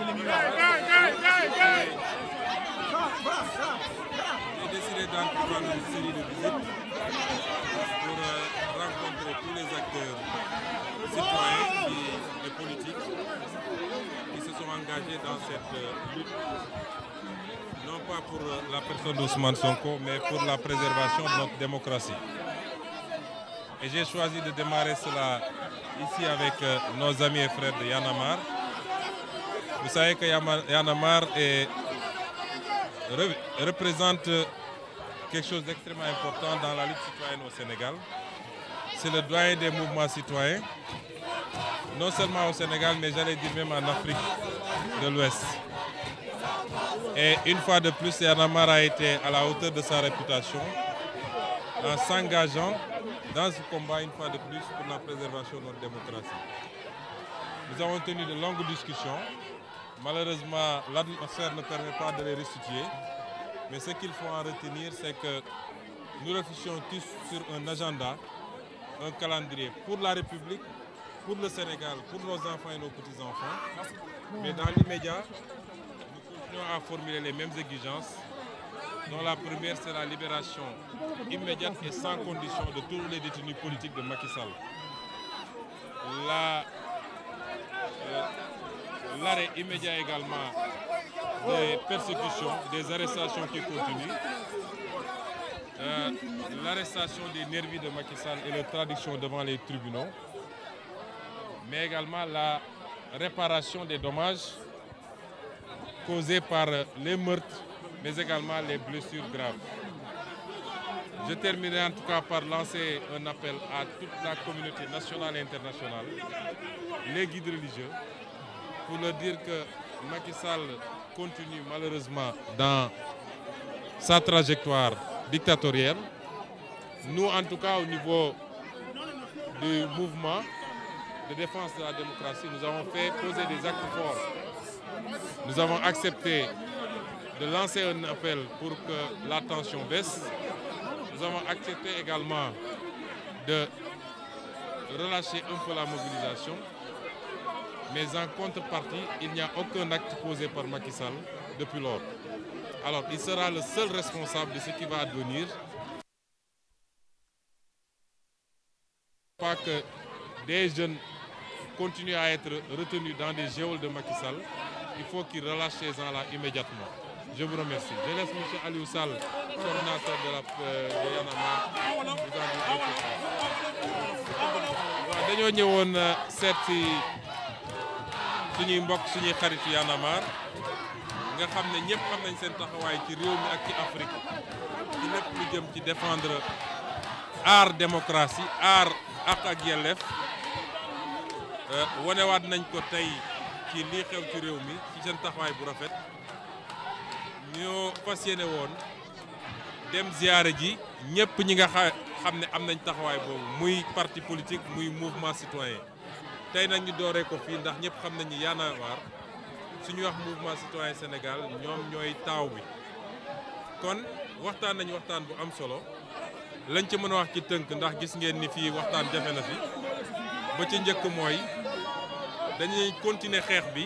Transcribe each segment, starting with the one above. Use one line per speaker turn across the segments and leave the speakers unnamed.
J'ai décidé d'entreprendre une série pour euh, rencontrer tous les acteurs citoyens et les politiques qui se sont engagés dans cette euh, lutte, non pas pour euh, la personne d'Ousmane Sonko, mais pour la préservation de notre démocratie. Et j'ai choisi de démarrer cela ici avec nos amis et frères de Yanamar, Vous savez que représente quelque chose d'extrêmement important dans la lutte citoyenne au Sénégal. C'est le doyen des mouvements citoyens, non seulement au Sénégal, mais j'allais dire même en Afrique de l'Ouest. Et une fois de plus, Yanamar a été à la hauteur de sa réputation en s'engageant dans ce combat pour la préservation de notre démocratie. Nous avons tenu de longues discussions Malheureusement, l'atmosphère ne permet pas de les restituer. Mais ce qu'il faut en retenir, c'est que nous réfléchissons tous sur un agenda, un calendrier pour la République, pour le Sénégal, pour nos enfants et nos petits-enfants. Mais dans l'immédiat, nous continuons à formuler les mêmes exigences, dont la première, c'est la libération immédiate et sans condition de tous les détenus politiques de Macky l'arrêt immédiat également des persécutions, des arrestations qui continuent. Euh, l'arrestation des nervis de Macky Sall et leur traduction devant les tribunaux, mais également la réparation des dommages causés par les meurtres, mais également les blessures graves. Je terminerai en tout cas par lancer un appel à toute la communauté nationale et internationale, les guides religieux, pour leur dire que Macky Sall continue malheureusement dans sa trajectoire dictatoriale. Nous, en tout cas, au niveau du mouvement de défense de la démocratie, nous avons fait poser des actes forts. Nous avons accepté de lancer un appel pour que la tension baisse. Nous avons accepté également de relâcher un peu la mobilisation. mais en contrepartie, il n'y a aucun acte posé par Macky depuis lors. Alors, il sera le seul responsable de ce qui va advenir. Pas que des jeunes continuent à être retenus dans des géoles de Macky Sall. Il faut qu'ils relâchent ces là immédiatement. Je vous remercie. Je laisse M. Aliou Sall, coordinateur de la euh, de Yanama. dañoo ñëwoon euh, suñuy mbokk suñuy xarit Y nga xam ne ñëpp am nañ seen taxawaay ci réew mi ak ci Afrique ci lépp lu jëm ci défendre aar démocratie aar ak ak yelleef euh, wanewaat nañ ko tey ci li xew ci réew mi ci seen taxawaay bu rafet ñoo fas yéene woon dem ziyaare ji ñëpp ñi nga xam ne am nañ taxawaay boobu muy parti politique muy mouvement citoyen tey nag ñu dooree ko fii ndax ñëpp xam nañu Y'en a marre suñu wax mouvement citoyen Sénégal ñoom ñooy taaw bi kon waxtaan nañu waxtaan bu am solo lañ ci mën a wax ci tënk ndax gis ngeen ni fii waxtaan jafe na fi ba ci njëkk mooy dañuy continuer xeex bi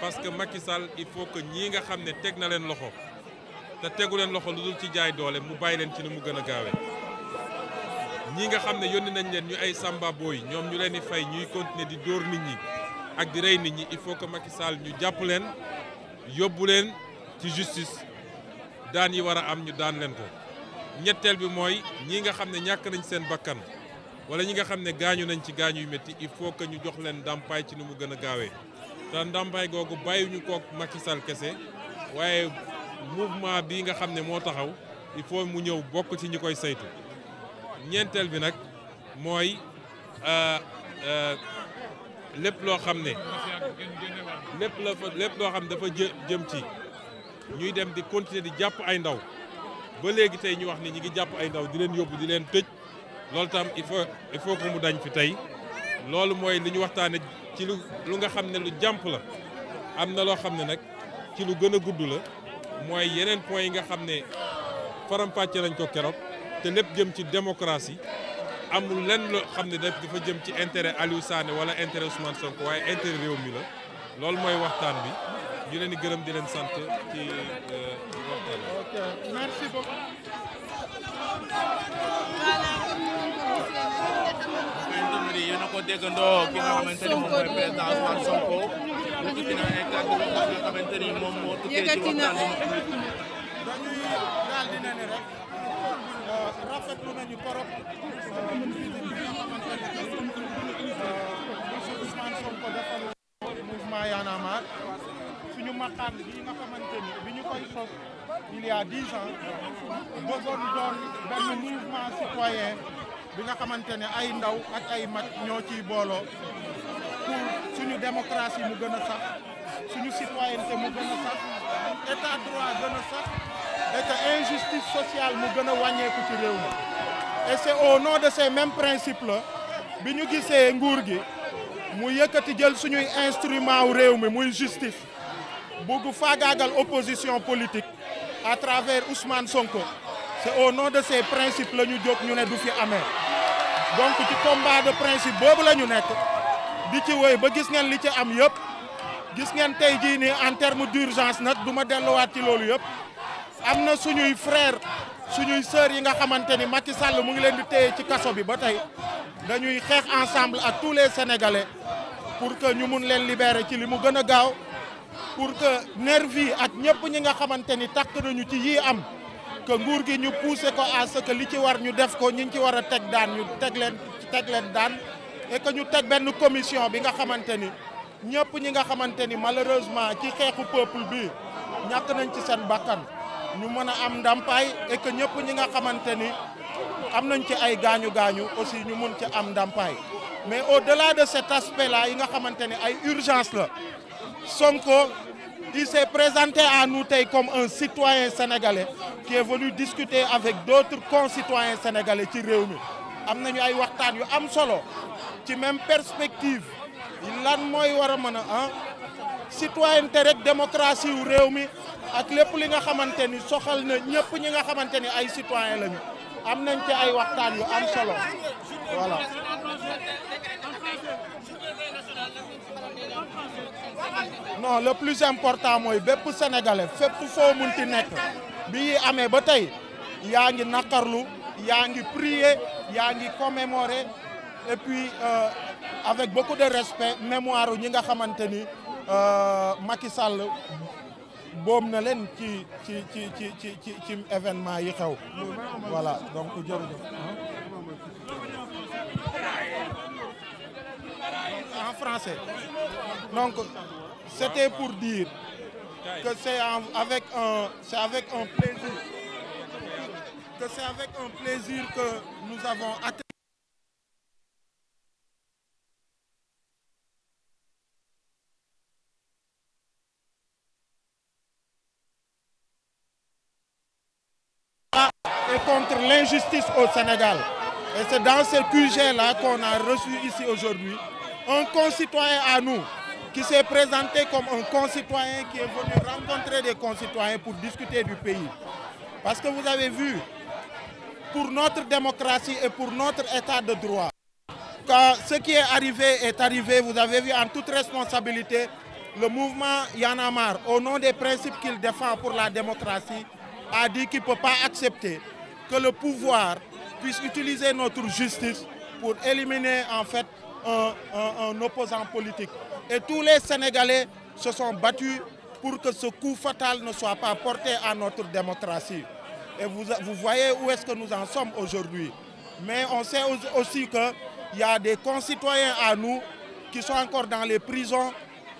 parce que Macky Sall il faut que ñii nga xam ne teg na leen loxo te tegu leen loxo lu dul ci jaay doole mu bàyyi leen ci ni mu gën a gaawee. ñii nga xam ne yónni nañ leen ñu ay Samba Boy ñoom ñu leen di fay ñuy continuer di dóor nit ñi ak di rey nit ñi il faut que Macky Sall ñu jàpp leen yóbbu leen ci justice daan yi war a am ñu daan leen ko ñetteel bi mooy ñii nga xam ne ñàkk nañ seen bakkan wala ñi nga xam ne gaañu nañ ci gaañu yu métti il faut que ñu jox leen ndàmpaay ci nu mu gën a gaawee te ndàmpaay googu ñu kook Macky Sall kese waaye mouvement bi nga xam ne moo taxaw il faut mu ñëw bokk ci ñu koy saytu ñeenteel bi nag mooy euh, euh, lépp loo xam ne lépp la fa lépp loo xam ne dafa jë jëm ci ñuy dem di continuer di jàpp ay ndaw ba léegi tey ñu wax ni ñi ngi jàpp ay ndaw di leen yóbbu di leen tëj loolu tam il faut il faut que mu dañ fi tey loolu mooy li ñu waxtaane ci lu lu nga xam ne lu jàmp la am na loo xam ne nag ci lu gën a gudd la mooy yeneen point yi nga xam ne faram nañ ko keroog te lépp jëm ci démocratie amul lenn loo xam ne dafa jëm ci intérêt Aliou Sané wala intérêt Ousmane Sonko waaye intérêt réew mi la loolu mooy waxtaan bi ñu leen di gërëm di leen sant ci waxtaan moom mooy
président Ousmane Sonko yëkkati na ay kàddu yi nga xamante ni moom moo tukkee ci waxtaan bi. dañuy daal rafetlu nañu torop euh, mouvement Y'en a suñu maqaan bi nga xamante bi ñu koy sos il y bëggoon doon benn mouvement citoyen bi nga xamante ne ay ndaw ak ay mag ñoo ciy booloo pour suñu démocratie mu gën a sax suñu citoyenneté mu gën sax état droit gën sax et que injustice sociale mu gën a wàññeeku ci réew mi et c'est au nom de ces mêmes principes la bi ñu gisee nguur gi mu yëkkati jël suñuy instrument wu réew mi muy justice bugg faagaagal opposition politique à travers Ousmane Sonko c'est au nom de ces principes la ñu jóg ñu ne du fi amee donc ci combat de boobu la ñu nekk di ci wéy ba gis ngeen li ci am yëpp gis ngeen tey jii nii en terme d'urgence nag du ma delluwaat ci loolu yëpp am na suñuy frère suñuy sœurs yi nga xamante ni Macky Sall mu ngi leen di téye ci kaso bi ba tey dañuy xeex ensemble ak tous les sénégalais pour que ñu mun leen libeere ci li mu gën a gaaw pour que nervi ak ñëpp ñi nga xamante ni takk nañu ci yii am que nguur gi ñu pousser ko à ce li ci war ñu def ko ñi ci war a teg daan ñu teg leen teg leen daan et que ñu teg benn commission bi nga xamante ni ñëpp ñi nga xamante ni malheureusement ci xeexu peuple bi ñàkk nañ ci seen bakkan ñu mën a am ndàmpaay et que ñëpp ñi nga xamante ni am nañ ci ay gaañu gaañu aussi ñu mën ci am ndàmpaay mais au-delà de cet aspect-là yi nga xamante ni ay urgence la Sonko il s'est présenté à tey comme un citoyen sénégalais qui est venu discuter avec d'autres concitoyens sénégalais ci réew mi am nañu ay waxtaan yu am solo ci même perspective lan mooy war a mën a ah citoyenneté rek démocratie wu réew mi ak lépp li nga xamante ni soxal na ñëpp ñi nga xamante ni ay citoyen lañu am nañ ci ay waxtaan yu am solo voilà. non le plus important mooy bépp sénégalais fépp foo munti nekk bi amee ba tey yaa ngi naqarlu yaa ngi prier yaa ngi commémorer et puis euh, avec beaucoup de respect mémoire ñi nga xamante ni euh, Macky Sall boom na leen ci ci ci ci ci ci ci événement yi xew voilà donc jërëjëf en français donc c'était pour dire que c'est avec un plaisir que c'est avec un plaisir que nous avons atteint contre l'injustice au Sénégal. Et c'est dans ce QG-là qu'on a reçu ici aujourd'hui un concitoyen à nous qui s'est présenté comme un concitoyen qui est venu rencontrer des concitoyens pour discuter du pays. Parce que vous avez vu, pour notre démocratie et pour notre état de droit, quand ce qui est arrivé est arrivé, vous avez vu en toute responsabilité le mouvement Yanamar, au nom des principes qu'il défend pour la démocratie, a dit qu'il ne peut pas accepter que le pouvoir puisse utiliser notre justice pour éliminer en fait un, un, un opposant politique. Et tous les Sénégalais se sont battus pour que ce coup fatal ne soit pas porté à notre démocratie. Et vous, vous voyez où est-ce que nous en sommes aujourd'hui. Mais on sait aussi qu'il y a des concitoyens à nous qui sont encore dans les prisons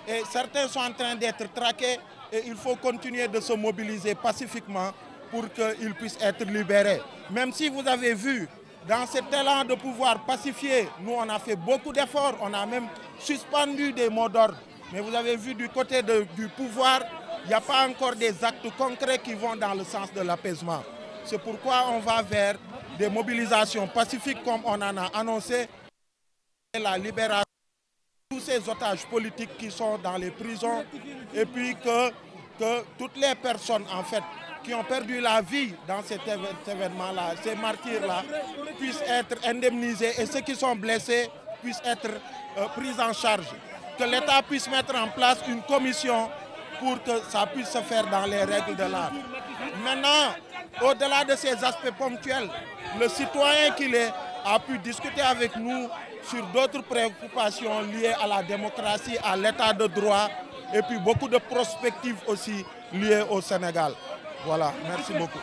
et certains sont en train d'être traqués et il faut continuer de se mobiliser pacifiquement pour qu'ils puissent être libérés. Même si vous avez vu, dans cet élan de pouvoir pacifier, nous on a fait beaucoup d'efforts, on a même suspendu des mots d'ordre. Mais vous avez vu du côté de, du pouvoir, il n'y a pas encore des actes concrets qui vont dans le sens de l'apaisement. C'est pourquoi on va vers des mobilisations pacifiques comme on en a annoncé, et la libération tous ces otages politiques qui sont dans les prisons, et puis que, toutes les personnes en fait qui ont perdu la vie dans cet événement-là, ces martyrs-là, puissent être indemnisés et ceux qui sont blessés puissent être euh, pris en charge. Que l'État puisse mettre en place une commission pour que ça puisse se faire dans les règles de l'art. Maintenant, au-delà de ces aspects ponctuels, le citoyen qu'il est a pu discuter avec nous sur d'autres préoccupations liées à la démocratie, à l'état de droit et beaucoup de prospectives aussi liées au Sénégal. Voilà, merci beaucoup.